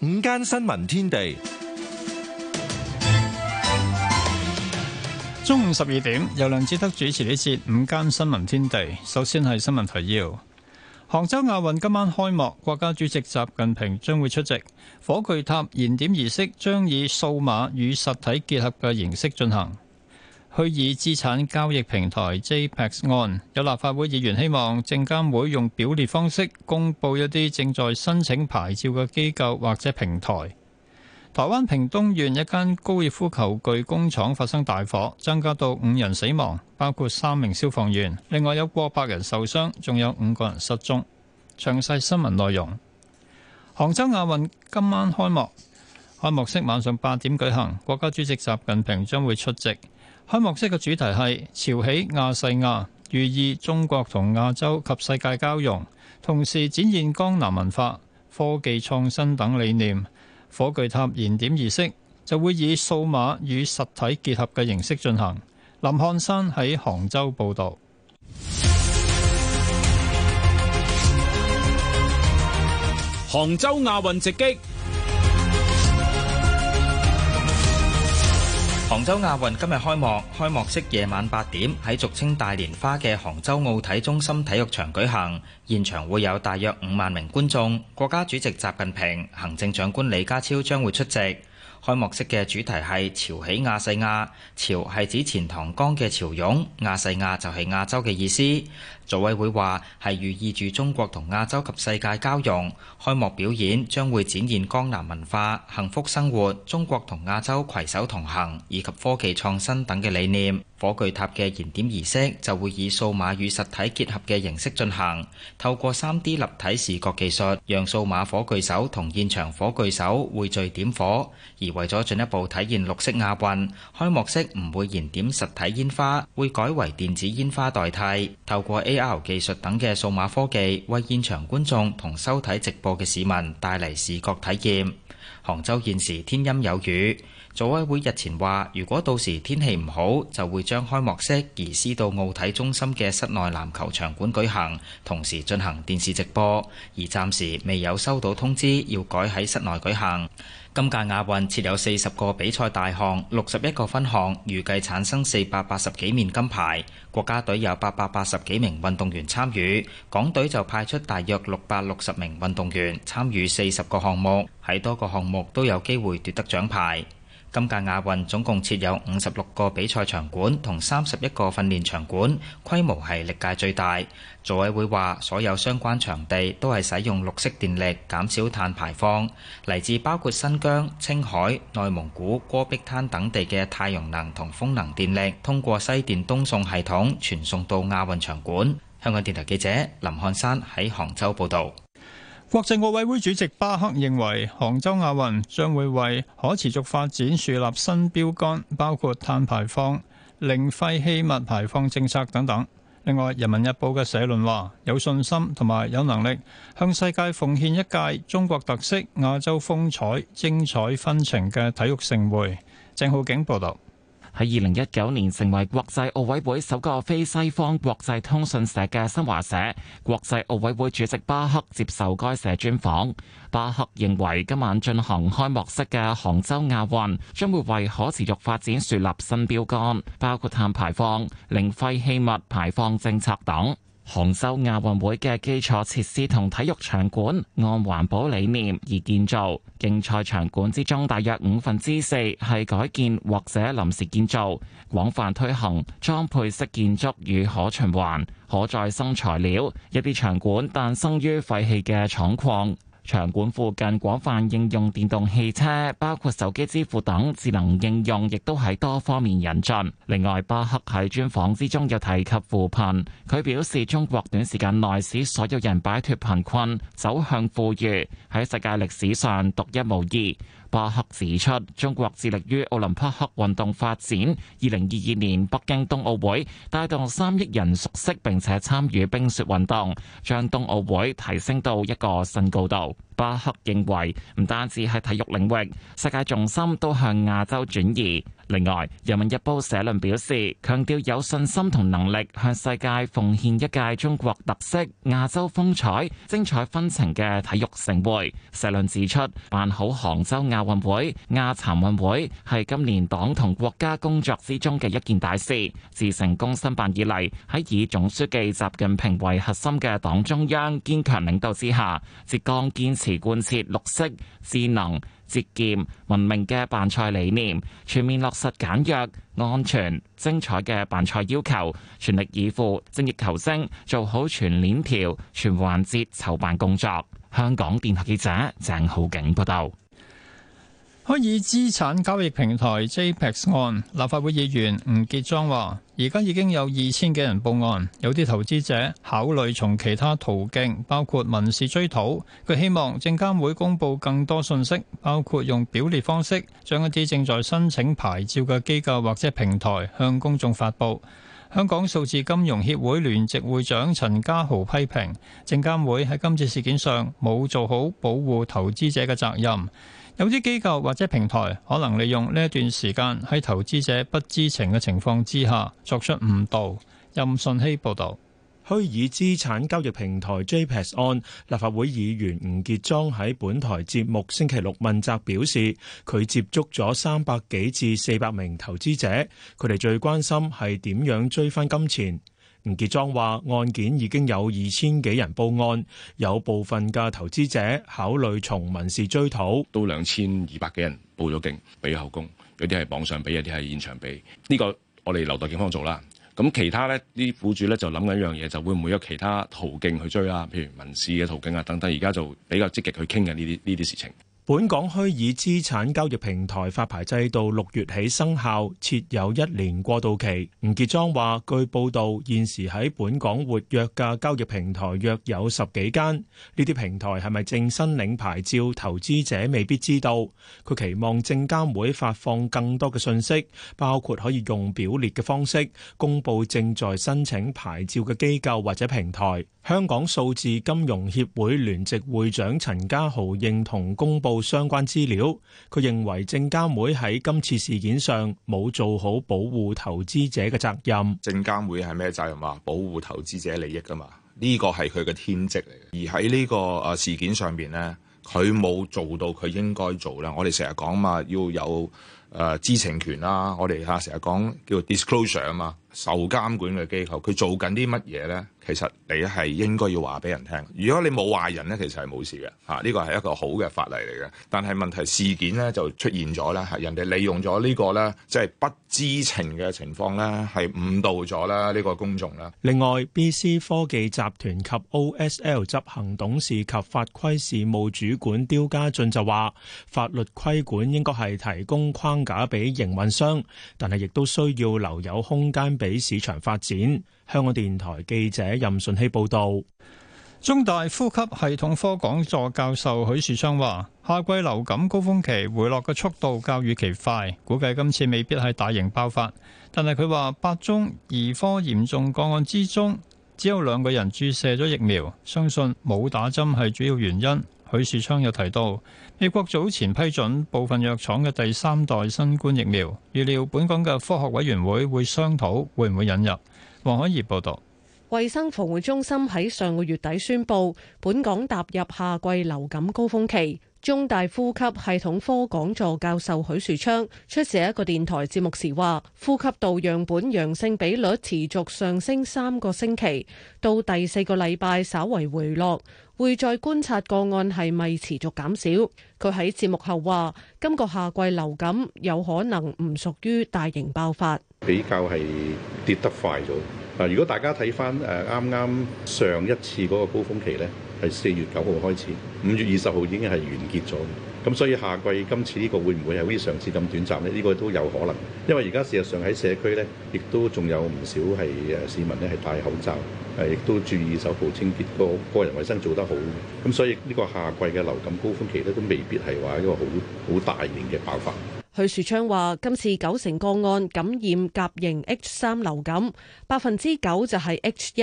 午間新聞天地， 中午十二點由梁志德主持呢次「午間新聞天地」。首先係新聞提要：杭州亞運今晚開幕，國家主席習近平將會出席火炬塔燃點儀式，將以數碼與實體結合嘅形式進行。虛擬資產交易平台 JPEX 案，有立法會議員希望證監會用表列方式公佈一啲正在申請牌照嘅機構或者平台。台灣屏東縣一間高爾夫球具工廠發生大火，增加到五人死亡，包括三名消防員。另外有過百人受傷，仲有五個人失蹤。詳細新聞內容。杭州亞運今晚開幕，開幕式晚上八點舉行，國家主席習近平將會出席。開幕式嘅主題係潮起亞細亞，寓意中國同亞洲及世界交融，同時展現江南文化、科技創新等理念。火炬塔燃點儀式就會以數碼與實體結合嘅形式進行。林漢山喺杭州報道。杭州亞運直擊。杭州亞運今日開幕，開幕式夜晚八點喺俗稱大蓮花嘅杭州奧體中心體育場舉行，現場會有大約五萬名觀眾，國家主席習近平、行政長官李家超將會出席。開幕式嘅主題係潮起亞細亞，潮係指錢塘江嘅潮湧，亞細亞就係、是、亞洲嘅意思。組委會話係寓意住中國同亞洲及世界交融。開幕表演將會展現江南文化、幸福生活、中國同亞洲携手同行以及科技創新等嘅理念。火炬塔嘅燃點儀式就會以數碼與實體結合嘅形式進行，透過三 D 立體視覺技術，讓數碼火炬手同現場火炬手匯聚點火。而為咗進一步體現綠色亞運，開幕式唔會燃點實體煙花，會改為電子煙花代替，透過 A。加牛技術等嘅數碼科技，為現場觀眾同收睇直播嘅市民帶嚟視覺體驗。杭州現時天陰有雨。組委會日前話，如果到時天氣唔好，就會將開幕式移師到奧體中心嘅室內籃球場館舉行，同時進行電視直播。而暫時未有收到通知，要改喺室內舉行。今屆亞運設有四十個比賽大項，六十一個分項，預計產生四百八十幾面金牌。國家隊有八百八十幾名運動員參與，港隊就派出大約六百六十名運動員參與四十個項目，喺多個項目都有機會奪得獎牌。今屆亞運總共設有五十六個比賽場館同三十一個訓練場館，規模係歷屆最大。組委會話，所有相關場地都係使用綠色電力，減少碳排放。嚟自包括新疆、青海、內蒙古、戈壁灘等地嘅太陽能同風能電力，通過西電東送系統傳送到亞運場館。香港電台記者林漢山喺杭州報道。國際奧委會主席巴克認為，杭州亞運將會為可持續發展樹立新標杆，包括碳排放、零廢棄物排放政策等等。另外，《人民日報》嘅社論話有信心同埋有能力向世界奉獻一屆中國特色、亞洲風采、精彩紛呈嘅體育盛會。鄭浩景報道。喺二零一九年成為國際奧委會首個非西方國際通訊社嘅新華社，國際奧委會主席巴克接受該社專訪。巴克認為，今晚進行開幕式嘅杭州亞運將會為可持續發展樹立新標杆，包括碳排放、零廢棄物排放政策等。杭州亞運會嘅基礎設施同體育場館按環保理念而建造，競賽場館之中大約五分之四係改建或者臨時建造，廣泛推行裝配式建築與可循環、可再生材料，一啲場館誕生於廢棄嘅廠礦。場館附近廣泛應用電動汽車，包括手機支付等智能應用，亦都喺多方面引進。另外，巴克喺專訪之中又提及扶貧，佢表示中國短時間內使所有人擺脱貧困，走向富裕，喺世界歷史上獨一無二。巴赫指出，中國致力於奧林匹克運動發展。二零二二年北京冬奧會帶動三億人熟悉並且參與冰雪運動，將冬奧會提升到一個新高度。巴克認為唔單止係體育領域，世界重心都向亞洲轉移。另外，《人民日報》社論表示，強調有信心同能力向世界奉獻一屆中國特色、亞洲風采、精彩紛呈嘅體育盛會。社論指出，辦好杭州亞運會、亞殘運會係今年黨同國家工作之中嘅一件大事。自成功申辦以嚟，喺以總書記習近平為核心嘅黨中央堅強領導之下，浙江堅持其貫徹綠色、智能、節儉、文明嘅辦賽理念，全面落實簡約、安全、精彩嘅辦賽要求，全力以赴、精益求精，做好全鏈條、全環節籌辦工作。香港電台記者鄭浩景報道。關於資產交易平台 JPEX 案，立法會議員吳傑莊話，而家已經有二千幾人報案，有啲投資者考慮從其他途徑，包括民事追討。佢希望證監會公布更多信息，包括用表列方式將一啲正在申請牌照嘅機構或者平台向公眾發布。香港數字金融協會聯席會長陳家豪批評證監會喺今次事件上冇做好保護投資者嘅責任。有啲機構或者平台可能利用呢一段時間，喺投資者不知情嘅情況之下作出誤導。任信希報導，虛擬資產交易平台 JPEX 案，立法會議員吳傑莊喺本台節目星期六問責表示，佢接觸咗三百幾至四百名投資者，佢哋最關心係點樣追翻金錢。吳傑莊話案件已經有二千幾人報案，有部分嘅投資者考慮從民事追討，都兩千二百幾人報咗警，俾口供。有啲係網上俾，有啲係現場俾。呢個我哋留待警方做啦。咁其他咧，呢啲苦主咧就諗緊一樣嘢，就會唔會有其他途徑去追呀？譬如民事嘅途徑啊等等。而家就比較積極去傾嘅呢啲呢啲事情。本港虛擬資產交易平台發牌制度六月起生效，設有一年過渡期。吳傑莊話，據報道，現時喺本港活躍嘅交易平台約有十幾間，呢啲平台係咪正申領牌照，投資者未必知道。佢期望證監會發放更多嘅信息，包括可以用表列嘅方式公布正在申請牌照嘅機構或者平台。香港數字金融協會聯席會長陳家豪認同公布相關資料，佢認為證監會喺今次事件上冇做好保護投資者嘅責任。證監會係咩責任嘛？保護投資者利益噶嘛？呢個係佢嘅天職嚟嘅。而喺呢個誒事件上邊咧，佢冇做到佢應該做啦。我哋成日講嘛，要有誒知情權啦。我哋吓成日講叫 disclosure 啊嘛。受監管嘅機構，佢做緊啲乜嘢呢？其實你係應該要話俾人聽。如果你冇壞人呢，其實係冇事嘅嚇。呢個係一個好嘅法例嚟嘅。但係問題事件呢，就出現咗啦，係人哋利用咗呢個呢，即係不知情嘅情況呢，係誤導咗啦呢個公眾啦。另外，B.C. 科技集團及 O.S.L. 執行董事及法規事務主管刁家俊就話：法律規管應該係提供框架俾營運商，但係亦都需要留有空間俾。喺市場發展，香港電台記者任順希報道，中大呼吸系統科講座教授許樹昌話，夏季流感高峰期回落嘅速度較預期快，估計今次未必係大型爆發。但係佢話八宗兒科嚴重個案之中，只有兩個人注射咗疫苗，相信冇打針係主要原因。許樹昌又提到，美國早前批准部分藥廠嘅第三代新冠疫苗，預料本港嘅科學委員會會商討會唔會引入。黃海怡報導。衛生防護中心喺上個月底宣布，本港踏入夏季流感高峰期。中大呼吸系統科講座教授許樹昌出席一個電台節目時話，呼吸道樣本陽性比率持續上升三個星期，到第四個禮拜稍為回落，會再觀察個案係咪持續減少。佢喺節目後話，今個夏季流感有可能唔屬於大型爆發。比較係跌得快咗。啊，如果大家睇翻誒，啱、呃、啱上一次嗰個高峰期呢係四月九號開始，五月二十號已經係完結咗。咁所以夏季今次呢個會唔會係好似上次咁短暫呢？呢、這個都有可能，因為而家事實上喺社區呢，亦都仲有唔少係誒市民呢係戴口罩，誒、啊、亦都注意手部清潔，個個人衛生做得好。咁所以呢個夏季嘅流感高峰期咧，都未必係話一個好好大型嘅爆發。許樹昌話：今次九成個案感染甲型 H 三流感，百分之九就係、是、H 一，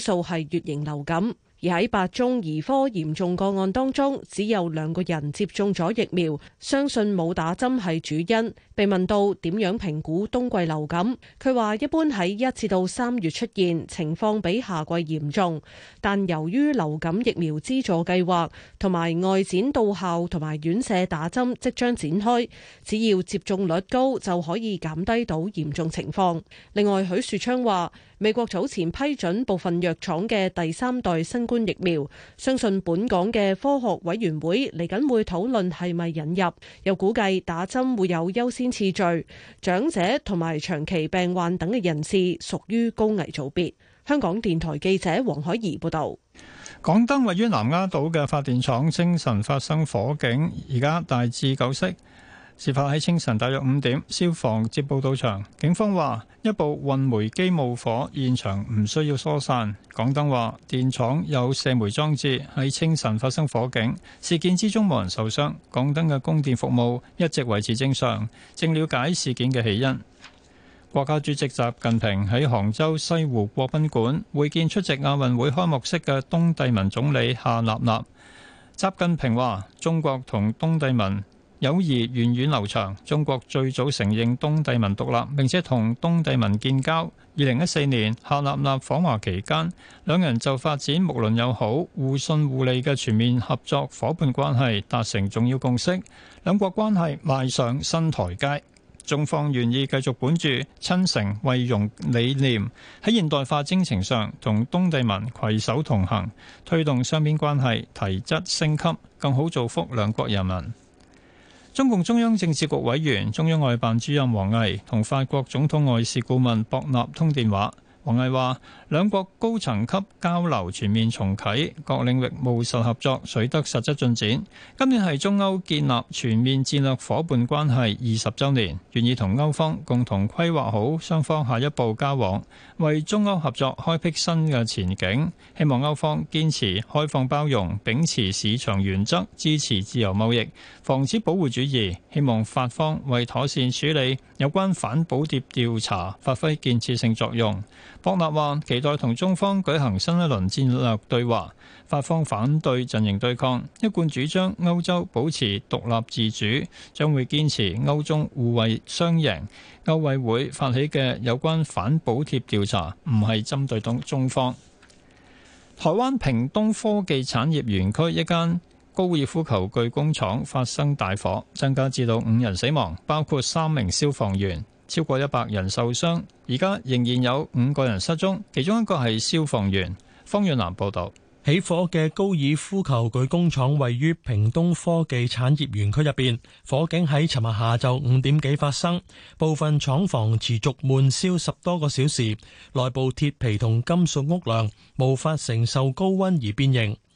少數係乙型流感。而喺八宗兒科嚴重個案當中，只有兩個人接種咗疫苗，相信冇打針係主因。被問到點樣評估冬季流感，佢話一般喺一至到三月出現，情況比夏季嚴重。但由於流感疫苗資助計劃同埋外展到校同埋院舍打針即將展開，只要接種率高就可以減低到嚴重情況。另外，許樹昌話：美國早前批准部分藥廠嘅第三代新冠疫苗，相信本港嘅科學委員會嚟緊會討論係咪引入，又估計打針會有優先次序，長者同埋長期病患等嘅人士屬於高危組別。香港電台記者黃海怡報道。港燈位於南丫島嘅發電廠清晨發生火警，而家大致救熄。事發喺清晨大約五點，消防接報到場。警方話一部運煤機冒火，現場唔需要疏散。港燈話電廠有卸煤裝置喺清晨發生火警，事件之中冇人受傷。港燈嘅供電服務一直維持正常，正了解事件嘅起因。國家主席習近平喺杭州西湖國賓館會見出席亞運會開幕式嘅東帝汶總理夏納納。習近平話：中國同東帝汶。友誼源遠流長。中國最早承認東帝汶獨立，並且同東帝汶建交。二零一四年夏納納訪華期間，兩人就發展睦鄰友好、互信互利嘅全面合作伙伴關係達成重要共識，兩國關係邁上新台階，中方願意繼續本住親誠惠容理念，喺現代化征程上同東帝汶攜手同行，推動雙邊關係提質升級，更好造福兩國人民。中共中央政治局委員、中央外辦主任王毅同法國總統外事顧問博納通電話。王毅話：兩國高層級交流全面重啟，各領域務實合作取得實質進展。今年係中歐建立全面戰略伙伴關係二十週年，願意同歐方共同規劃好雙方下一步交往，為中歐合作開闢新嘅前景。希望歐方堅持開放包容，秉持市場原則，支持自由貿易，防止保護主義。希望法方為妥善處理有關反補貼調查，發揮建設性作用。博納話：期待同中方舉行新一輪戰略對話，法方反對陣營對抗，一貫主張歐洲保持獨立自主，將會堅持歐中互惠雙贏。歐委會發起嘅有關反補貼調查，唔係針對到中方。台灣屏東科技產業園區一間高爾夫球具工廠發生大火，增加至到五人死亡，包括三名消防員。超過一百人受傷，而家仍然有五個人失蹤，其中一個係消防員。方遠南報導，起火嘅高爾夫球具工廠位於屏東科技產業園區入邊。火警喺尋日下晝五點幾發生，部分廠房持續悶燒十多個小時，內部鐵皮同金屬屋梁無法承受高溫而變形。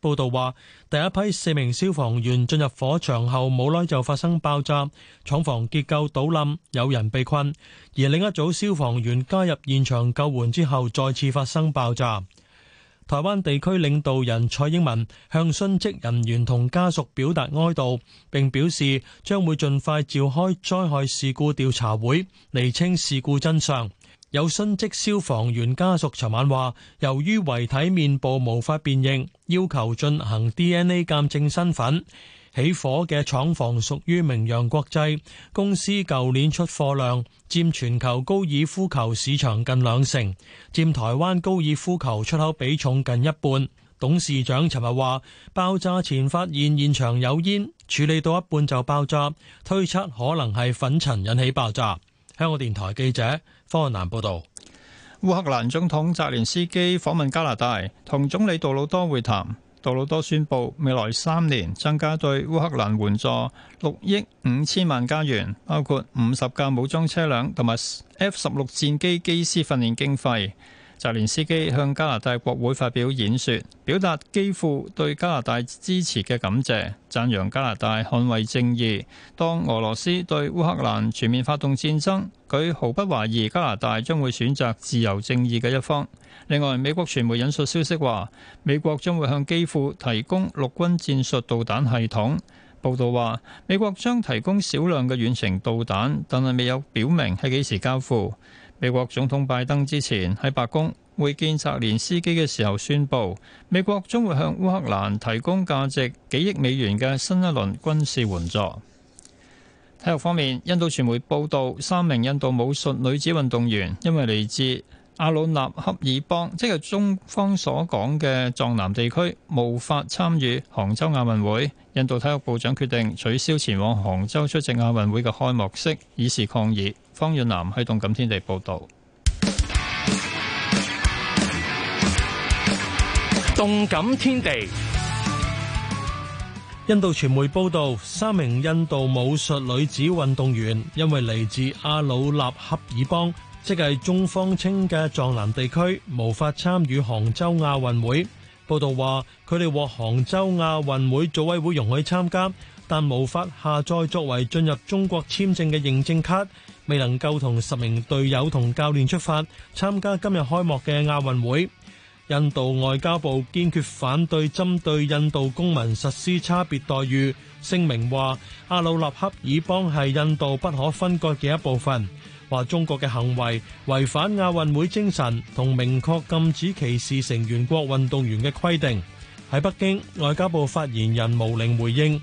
報道話，第一批四名消防員進入火場後，冇耐就發生爆炸，廠房結構倒冧，有人被困。而另一組消防員加入現場救援之後，再次發生爆炸。台灣地區領導人蔡英文向殉職人員同家屬表達哀悼，並表示將會盡快召開災害事故調查會，厘清事故真相。有殉職消防員家屬尋晚話，由於遺體面部無法辨認，要求進行 DNA 鑑證身份。起火嘅廠房屬於明陽國際公司，舊年出貨量佔全球高爾夫球市場近兩成，佔台灣高爾夫球出口比重近一半。董事長尋日話，爆炸前發現現場有煙，處理到一半就爆炸，推測可能係粉塵引起爆炸。香港電台記者。科曼南報道，烏克蘭總統澤連斯基訪問加拿大，同總理杜魯多會談。杜魯多宣布未來三年增加對烏克蘭援助六億五千萬加元，包括五十架武裝車輛同埋 F 十六戰機機師訓練經費。澤連斯基向加拿大國會發表演說，表達基輔對加拿大支持嘅感謝，讚揚加拿大捍衛正義。當俄羅斯對烏克蘭全面發動戰爭，佢毫不懷疑加拿大將會選擇自由正義嘅一方。另外，美國傳媒引述消息話，美國將會向基輔提供陸軍戰術導彈系統。報道話，美國將提供少量嘅遠程導彈，但係未有表明係幾時交付。美國總統拜登之前喺白宮會見澤連斯基嘅時候宣布，美國將會向烏克蘭提供價值幾億美元嘅新一輪軍事援助。體育方面，印度傳媒報道，三名印度武術女子運動員因為嚟自阿魯納恰爾邦，即係中方所講嘅藏南地區，無法參與杭州亞運會。印度體育部長決定取消前往杭州出席亞運會嘅開幕式，以示抗議。方遠南喺動感天地報道。動感天地，印度傳媒報道，三名印度武術女子運動員因為嚟自阿魯納恰爾邦，即係中方稱嘅藏南地區，無法參與杭州亞運會。報道話，佢哋獲杭州亞運會組委會容許參加，但無法下載作為進入中國簽證嘅認證卡。未能夠同十名隊友同教練出發參加今日開幕嘅亞運會。印度外交部堅決反對針對印度公民實施差別待遇，聲明話：阿魯納恰爾邦係印度不可分割嘅一部分。話中國嘅行為違反亞運會精神同明確禁止歧視成員國運動員嘅規定。喺北京，外交部發言人毛寧回應。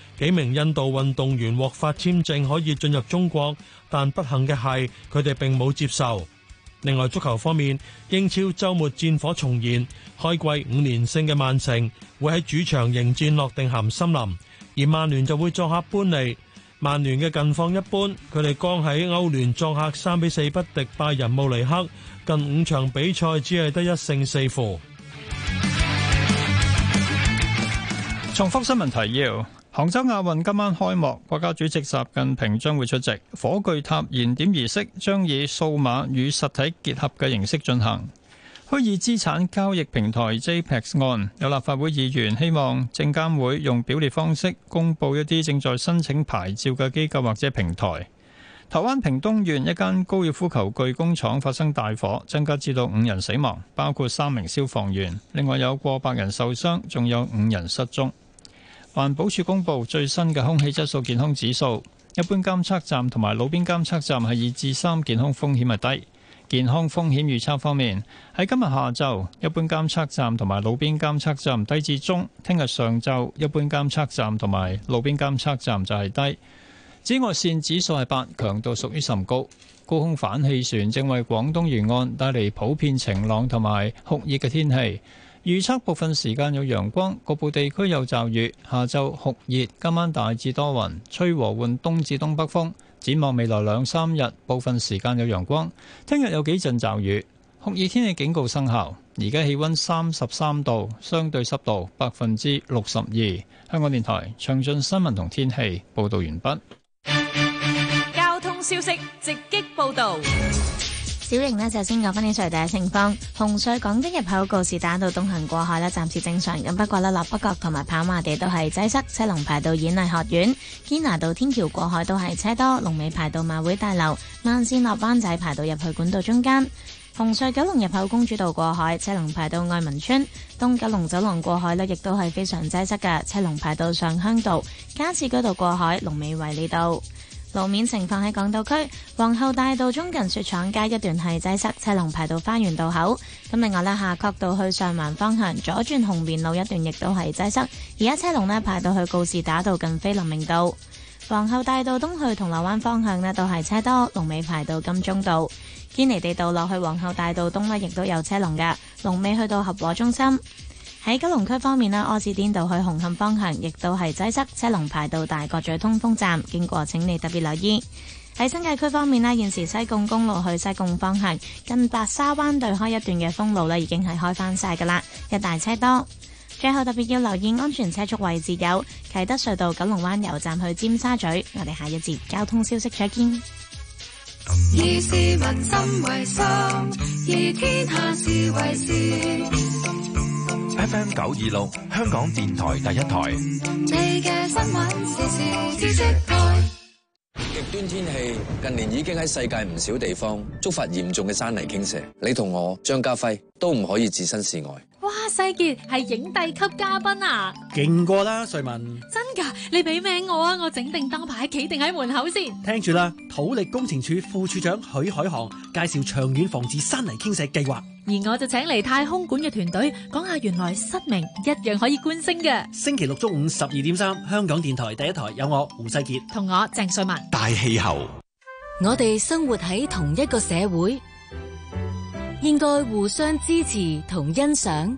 幾名印度運動員獲發簽證可以進入中國，但不幸嘅係佢哋並冇接受。另外，足球方面，英超周末戰火重燃，開季五連勝嘅曼城會喺主場迎戰諾定咸森林，而曼聯就會作客般尼。曼聯嘅近況一般，佢哋剛喺歐聯作客三比四不敵拜仁慕尼黑，近五場比賽只係得一勝四負。重複新聞提要。杭州亞運今晚開幕，國家主席習近平將會出席。火炬塔燃點儀式將以數碼與實體結合嘅形式進行。虛擬資產交易平台 JPEX 案，有立法會議員希望證監會用表列方式公佈一啲正在申請牌照嘅機構或者平台。台灣屏東縣一間高爾夫球具工廠發生大火，增加至到五人死亡，包括三名消防員，另外有過百人受傷，仲有五人失蹤。環保署公布最新嘅空氣質素健康指數，一般監測站同埋路邊監測站係二至三，健康風險係低。健康風險預測方面，喺今日下晝，一般監測站同埋路邊監測站低至中；聽日上晝，一般監測站同埋路邊監測站就係低。紫外線指數係八，強度屬於甚高。高空反氣旋正為廣東沿岸帶嚟普遍晴朗同埋酷熱嘅天氣。預測部分時間有陽光，局部地區有驟雨。下晝酷熱，今晚大致多雲，吹和緩東至東北風。展望未來兩三日，部分時間有陽光，聽日有幾陣驟雨，酷熱天氣警告生效。而家氣温三十三度，相對濕度百分之六十二。香港電台詳盡新聞同天氣報道完畢。交通消息直擊報道。小瑩呢，就先講翻啲隧道嘅情況，紅隧港珠入口告士打道東行過海咧，暫時正常，咁不過咧落北角同埋跑馬地都係擠塞，車龍排到演藝學院；堅拿道天橋過海都係車多，龍尾排到馬會大樓；慢線落灣仔排到入去管道中間，紅隧九龍入口公主道過海，車龍排到愛民村；東九龍走廊過海呢亦都係非常擠塞嘅，車龍排到上鄉道、加士居道過海，龍尾維理道。路面情況，喺港島區皇后大道中，近雪廠街一段係擠塞，車龍排到花園道口。咁另外咧，夏慤道去上環方向左轉紅棉路一段亦都係擠塞，而家車龍咧排到去告士打道近菲林明道。皇后大道東去銅鑼灣方向咧都係車多，龍尾排到金鐘道，堅尼地道落去皇后大道東咧亦都有車龍嘅，龍尾去到合和中心。喺九龍區方面呢，柯士甸道去紅磡方向亦都係擠塞，車龍排到大角咀通風站，經過請你特別留意。喺新界區方面呢，現時西貢公路去西貢方向近白沙灣對開一段嘅封路呢已經係開翻晒噶啦，一大車多。最後特別要留意安全車速位置有啟德隧道、九龍灣油站去尖沙咀。我哋下一節交通消息再見。以市民心為心，以天下事為事。FM 九二六，香港電台第一台。你嘅新聞時事知識台。極端天氣近年已經喺世界唔少地方觸發嚴重嘅山泥傾瀉，你同我張家輝都唔可以置身事外。阿、啊、世杰係影帝級嘉賓啊，勁過啦！瑞文，真噶，你俾名我啊，我整定燈牌，企定喺門口先。聽住啦，土力工程處副處長許海航介紹長遠防治山泥傾瀉計劃。而我就請嚟太空館嘅團隊講下，原來失明一樣可以觀星嘅。星期六中午十二點三，3, 香港電台第一台有我胡世杰同我鄭瑞文。大氣候，我哋生活喺同一個社會，應該互相支持同欣賞。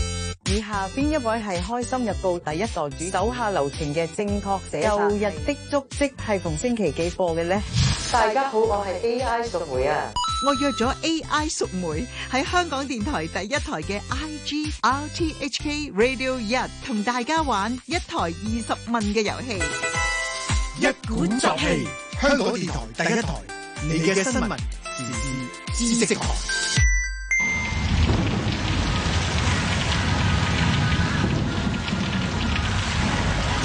以下邊一位係《開心日報》第一代主手下留情嘅正確寫法？舊日的足跡係逢星期幾播嘅呢？大家好，我係 AI 淑梅啊！我約咗 AI 淑梅喺香港電台第一台嘅 I G R T H K Radio 一，同大家玩一台二十問嘅遊戲。一鼓作氣，香港電台第一台，一台一台你嘅新聞時事知識台。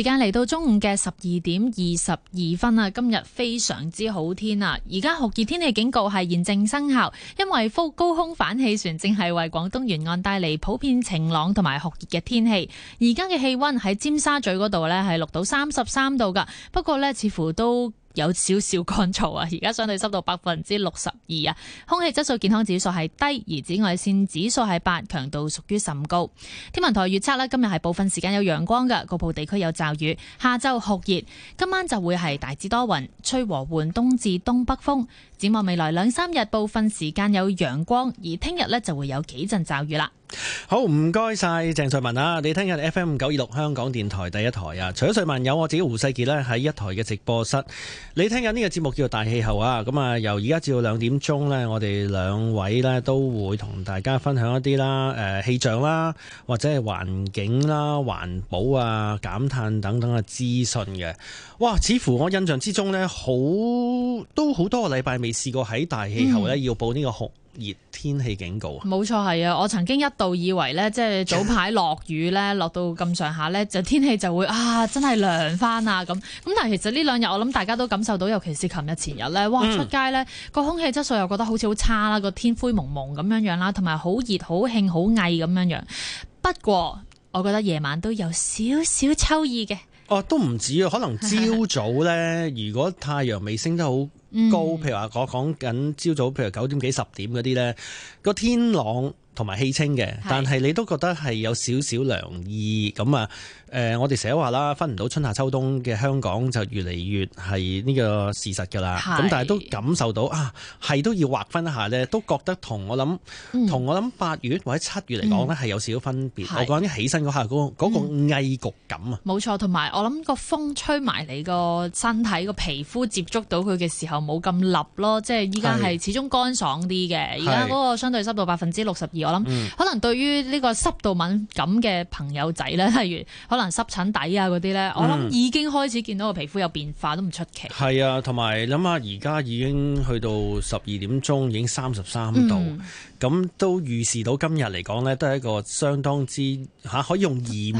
時間嚟到中午嘅十二點二十二分啦，今日非常之好天啊！而家酷熱天氣警告係現正生效，因為高空反氣旋正係為廣東沿岸帶嚟普遍晴朗同埋酷熱嘅天氣。而家嘅氣溫喺尖沙咀嗰度呢係錄到三十三度噶，不過呢似乎都。有少少乾燥啊，而家相對濕度百分之六十二啊，空氣質素健康指數係低，而紫外線指數係八，強度屬於甚高。天文台預測呢，今日係部分時間有陽光嘅，局部地區有驟雨，下晝酷熱，今晚就會係大致多雲，吹和緩東至東北風。展望未來兩三日，部分時間有陽光，而聽日呢就會有幾陣驟雨啦。好，唔該晒鄭瑞文啊！你聽日 F M 九二六香港電台第一台啊！除咗瑞文有，我自己胡世杰呢喺一台嘅直播室。你聽緊呢個節目叫做《大氣候》啊！咁啊，由而家至到兩點鐘呢，我哋兩位呢都會同大家分享一啲啦，誒氣象啦，或者係環境啦、環保啊、減碳等等嘅資訊嘅。哇！似乎我印象之中呢，好都好多個禮拜未試過喺大氣候咧要報呢個酷熱天氣警告啊。嗯？冇錯，係啊！我曾經一度以為咧，即係早排落雨咧， 落到咁上下咧，就天氣就會啊，真係涼翻啊咁。咁但係其實呢兩日我諗大家都感受到，尤其是琴日前日咧，哇，出街咧個空氣質素又覺得好似好差啦，個天灰蒙蒙咁樣樣啦，同埋好熱、好慶、好翳咁樣樣。不過我覺得夜晚都有少少秋意嘅。哦，都唔止啊！可能朝早咧， 如果太陽未升得好高，嗯譬，譬如話我講緊朝早，譬如九點幾、十點嗰啲咧，個天朗。同埋氣清嘅，但係你都覺得係有少少涼意咁啊！誒、嗯嗯嗯，我哋成日話啦，分唔到春夏秋冬嘅香港就越嚟越係呢個事實㗎啦。咁是但係都感受到啊，係都要劃分一下呢，都覺得同我諗同我諗八月或者七月嚟講呢係有少少分別。嗯、我講起身嗰下嗰嗰個翳焗、那個、感啊，冇、嗯、錯。同埋我諗個風吹埋你個身體個皮膚接觸到佢嘅時候冇咁立咯，即係依家係始終乾爽啲嘅。而家嗰個相對濕度百分之六十二。我諗，可能對於呢個濕度敏感嘅朋友仔咧，例如可能濕疹底啊嗰啲咧，我諗已經開始見到個皮膚有變化，都唔出奇。係、嗯、啊，同埋諗下而家已經去到十二點鐘，已經三十三度，咁、嗯、都預示到今日嚟講咧，都係一個相當之吓、啊，可以用嚴。